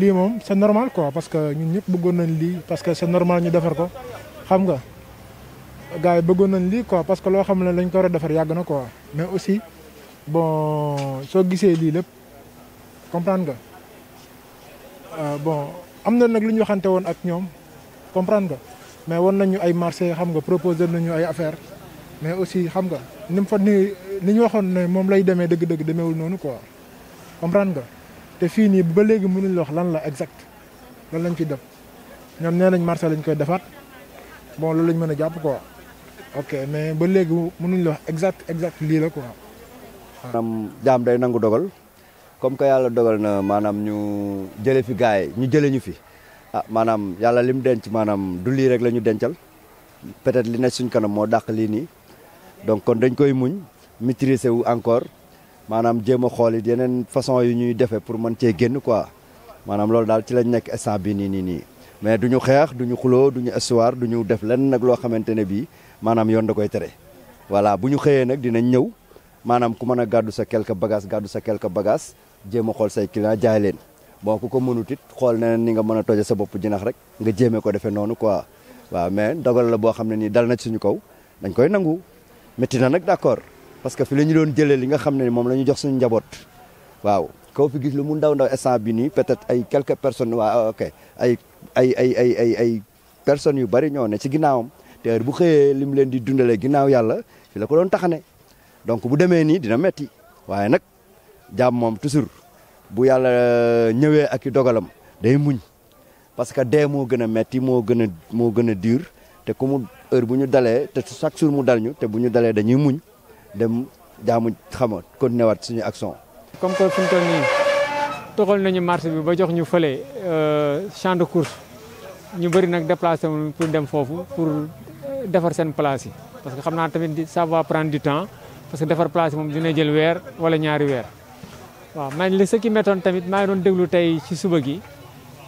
lii moom c'est normal quoi parce que ñu ñëpp bëggoon nañ lii parce que c'est normal ñu defar ko xam nga gars yi bëggoon nañ lii quoi parce que loo xam ne lañ ko war a defar yàgg na quoi mais aussi bon soo gisee lii lépp comprendre nga euh, bon am na nag lu ñu waxante woon ak ñoom comprendre nga mais woon nañu ay marché xam nga proposé nañu ay affaire mais aussi xam nga ni fa nii li ñu waxoon ne moom lay demee dëgg-dëgg demeewul noonu quoi comprendre nga te fii nii ba léegi mënuñ la wax lan la exact lan lañ fi def ñoom nee nañ marché lañ koy defaat bon loolu lañ mën a jàpp quoi ok mais ba léegi mënuñ la wax exact exact lii la quoi. maanaam jaam day nangu dogal comme que yàlla dogal na maanaam ñu jële fi gars yi ñu jële ñu fi ah maanaam yàlla lim denc maanaam du lii rek la ñu dencal peut-être li nekk suñ kanam moo dàq lii nii donc kon dañ koy muñ. maîtriser wu encore maanaam jéem a xool it yeneen façon yu ñuy defee pour man cee génn quoi maanaam loolu daal ci lañ nekk instant bi nii nii nii mais du ñu xeex du ñu xuloo du ñu histoire du ñu def lenn nag loo xamante ne bii maanaam yoon da koy tere voilà bu ñu xëyee nag dinañ ñëw maanaam ku mën a gàddu sa quelque bagage gàddu sa quelque bagage jéem a xool say client jaay leen boo ku ko mënut it xool na ni nga mën a toje sa boppu jinax rek nga jéemee ko defee noonu quoi waaw mais dogal la boo xam ne nii dal na suñu kaw dañ koy nangu métti na nag d'accord parce que fi la ñu doon jëlee li nga xam ne moom la ñu jox suñu njaboot waaw kaw fi gis lu mu ndaw ndaw instant bi nii peut-être ay quelques personnes waa ok ay ay ay ay ay ay personnes yu bari ñoo ne ci ginnaawam te bu xëyee li mu leen di dundalee ginnaaw yàlla fi la ko doon taxane donc bu demee nii dina metti waaye nag jaam moom toujours bu yàlla ñëwee ak i dogalam day muñ parce que dee moo gën a metti moo gën a moo gën a dur te ku mu heure bu ñu dalee te chaque jour mu dal ñu te bu ñu dalee dañuy muñ dem jaamu xama continué waat suñu action. comme que fi mu toll nii nañu marché bi ba jox ñu fële euh, champ de course ñu bëri nag déplacé wu dem foofu pour euh, defar seen place yi parce que xam naa tamit ça va prendre du temps parce que defar place yi moom dina jël weer wala ñaari weer. waaw man li ce qui m'étonne tamit maa ngi doon déglu tey ci suba gi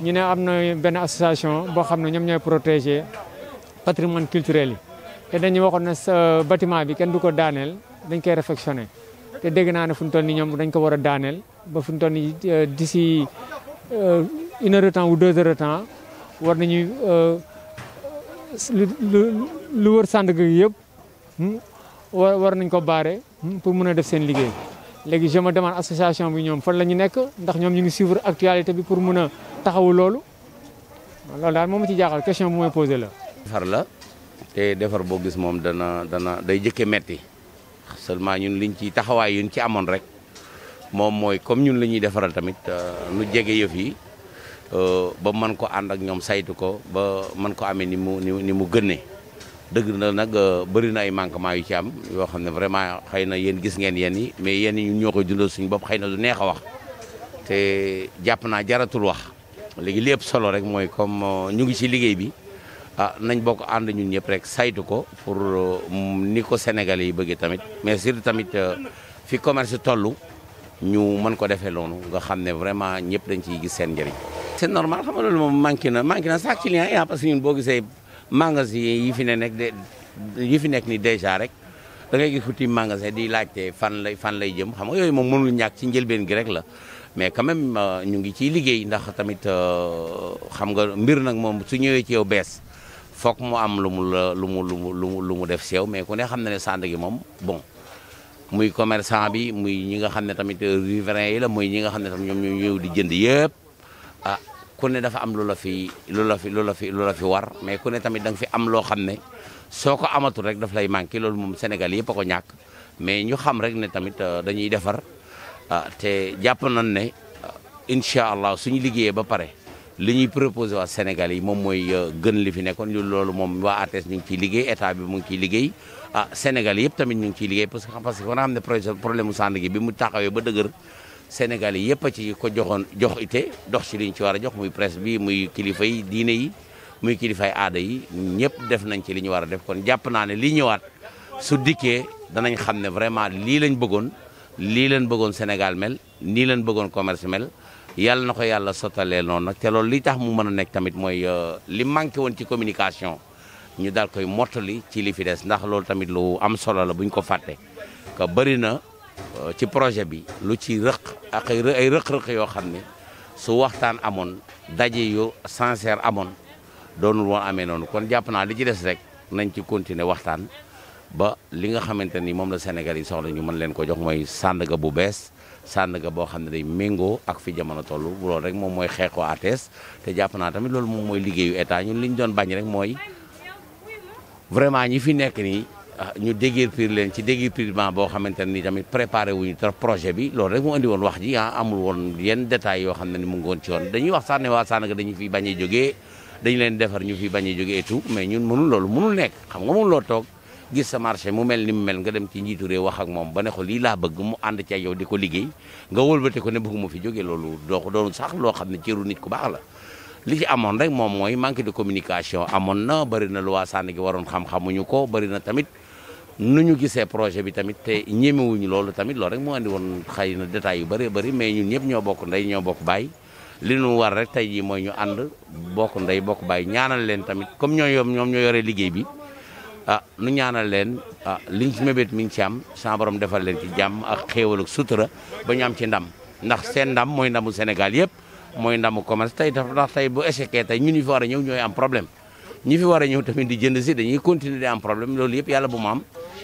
ñu ne am na benn association boo xam ne ñoom ñooy protéger patrimoine culturel yi te dañu waxoon ne euh, bâtiment bi kenn du ko daaneel. dañ koy réfectionné te dégg naa ne fu mu toll nii ñoom dañ ko war a daaneel ba fu mu toll nii euh, d'ici euh, une heure de temps ou deux heures temps war nañu euh, lu lu wër Sandaga yëpp hmm, war war nañ ko baare hmm, pour mën a def seen liggéey léegi je ma demande association bi ñoom fan la ñu nekk ndax ñoom ñu ngi suivre actualité bi pour mun a taxawu loolu loolu daal moom ci jaaxal question bu mooy posé la. defar la te defar boo gis moom dana dana day jëkke metti seulement ñun liñ ci taxawaay yuñ ci amoon rek moom mooy comme ñun li ñuy defaral tamit euh, nu jege yëf yi euh, ba mën ko ànd ak ñoom saytu ko ba mën ko amee ni mu ni mu gënee dëgg na nag euh, bëri na ay manquement yu ci am yoo xam ne vraiment xëy na yéen gis ngeen yéen yi mais yéen ñun ñoo koy dundal suñu bopp xëy na du neex a wax te jàpp naa jaratul wax léegi lépp solo rek mooy comme ñu ngi ci liggéey bi ah nañ bokk ànd ñun ñëpp rek saytu ko pour euh, ni ko Sénégalais yi bëggee tamit mais surtout tamit euh, fi commerce toll ñu mën ko defee loonu nga xam ne vraiment ñëpp dañ ciy gis seen njëriñ. c'est normal xam nga manqué na manqué na sax client yi ah, parce que yi fi ne nekk de fi nekk ni déjà rek da ngay magasin di laajte fan lay fan lay jëm xam nga yooyu moom mënul ñàkk ci njëlbeen gi rek la. mais quand même euh, ñu ngi ciy liggéey ndax tamit xam nga mbir nag moom su ñëwee ci yow bees. foog mu am lu mu la lu mu lu mu lu mu def seew mais ku ne xam na ne Sandaga gi moom bon muy commerçant bi muy ñi nga xam ne tamit riverain yi la muy ñi nga xam ne tamit ñoom ñoo ñëw di jënd yëpp ah ku ne dafa am lu la fi lu la fi lu la fi lu la fi war mais ku ne tamit da nga fi am loo xam ne soo ko amatul rek daf lay manqué loolu moom Sénégal yëpp a ko ñàkk mais ñu xam rek ne tamit euh, dañuy defar ah te jàpp nañ ne euh, incha allah suñu liggéeyee ba pare. li ñuy proposé waa Sénégal yi moom mooy euh, gën li fi nekkoon loolu moom waa ATS ñu ngi ciy liggéey état bi mu ngi ciy liggéey ah Sénégal yëpp tamit ñu ngi ciy liggéey parce que parce que war na xam ne projet problème mu bi mu taxawee ba dëgër Sénégal yi yëpp a ci ko joxoon jox ite dox ci li ñu ci war a jox muy presse bi muy kilifa yi diine yi muy kilifay aada yi ñëpp def nañ ci li ñu war a def kon jàpp naa ne li ñëwaat su dikkee danañ xam ne vraiment lii lañ bëggoon lii leen bëggoon Sénégal mel nii leen bëggoon commerce mel yàlla na ko yàlla sottalee noonu nag te loolu li tax mu mën a nekk tamit mooy euh, li manqué woon ci communication ñu daal koy mottali ci li des ndax loolu tamit lu am solo la bu ñu ko fàtte que bëri na euh, ci projet bi lu ci rëq ak ay rëq-rëq yoo xam ne su waxtaan amoon daje yu sincère amoon doonul woon amee noonu kon jàpp naa li ci des rek nañ ci continuer waxtaan ba li nga xamante ni moom la Sénégal yi soxla ñu mën leen ko jox mooy Sandaga bu bees Sandaga boo xam ne day méngoo ak fi jamono toll loolu rek moom mooy xeexoo ATS te jàpp tamit loolu moom mooy liggéeyu état ñun li ñu doon bañ rek mooy vraiment ñi fi nekk nii ah, ñu déguerpir leen ci déguerpissement boo xam ne ni tamit préparé wuñu trop projet bi loolu rek mu andi woon wax ji ah, amul woon yenn détails yoo xam ne ni mu ngi woon ci woon dañuy wax sax ne waa Sandaga dañu fi bañ a jógee dañu leen defar ñu fi bañ a jógee et tout mais loolu mënul nekk xam nga mënuloo toog gis sa marché mu mel ni mu mel nga dem ci njiitu réew wax ak moom ba ne ko lii laa bëgg mu ànd ci yow di ko liggéey nga wëlbate ko ne bëgguma fi jóge loolu doo ko doon sax loo xam ne cëru nit ku baax la li ci amoon rek moom mooy manque de communication amoon na bëri na lu waa Sànni gi waroon xam-xamuñu ko bëri na tamit nu ñu gisee projet bi tamit te ñemewuñu loolu tamit lool rek mu andi woon xëy na détails yu bëree bëri mais ñun ñëpp ñoo bokk ndey ñoo bokk baay li nu war rek tey jii mooy ñu ànd bokk ndey bokk baay ñaanal leen tamit comme ñoo ñoom ñoo yore liggéey bi ah nu ñaanal leen ah liñ ci mébét mi ngi ci am sa borom defal leen ci jàmm ak xéewal ak sutura ba ñu am ci ndam ndax seen ndam mooy ndamu Sénégal yëpp mooy ndamu commerce tey dafa ndax tey bu échecee tey ñun ñu fi war a ñëw ñooy am problème ñi fi war a ñëw tamit di jënd si dañuy continuer di am problème loolu yëpp yàlla bu mu am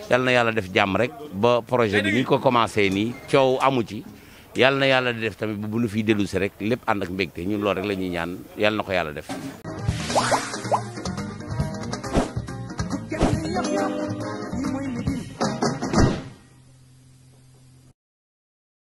yàlla na yàlla def jàmm rek ba projet bi ñu ko commencé nii coow amu ci yàlla na yàlla di def tamit bu nu fiy dellu si rek lépp ànd ak mbégte ñun loolu rek la ñuy ñaan yàlla na ko yàlla def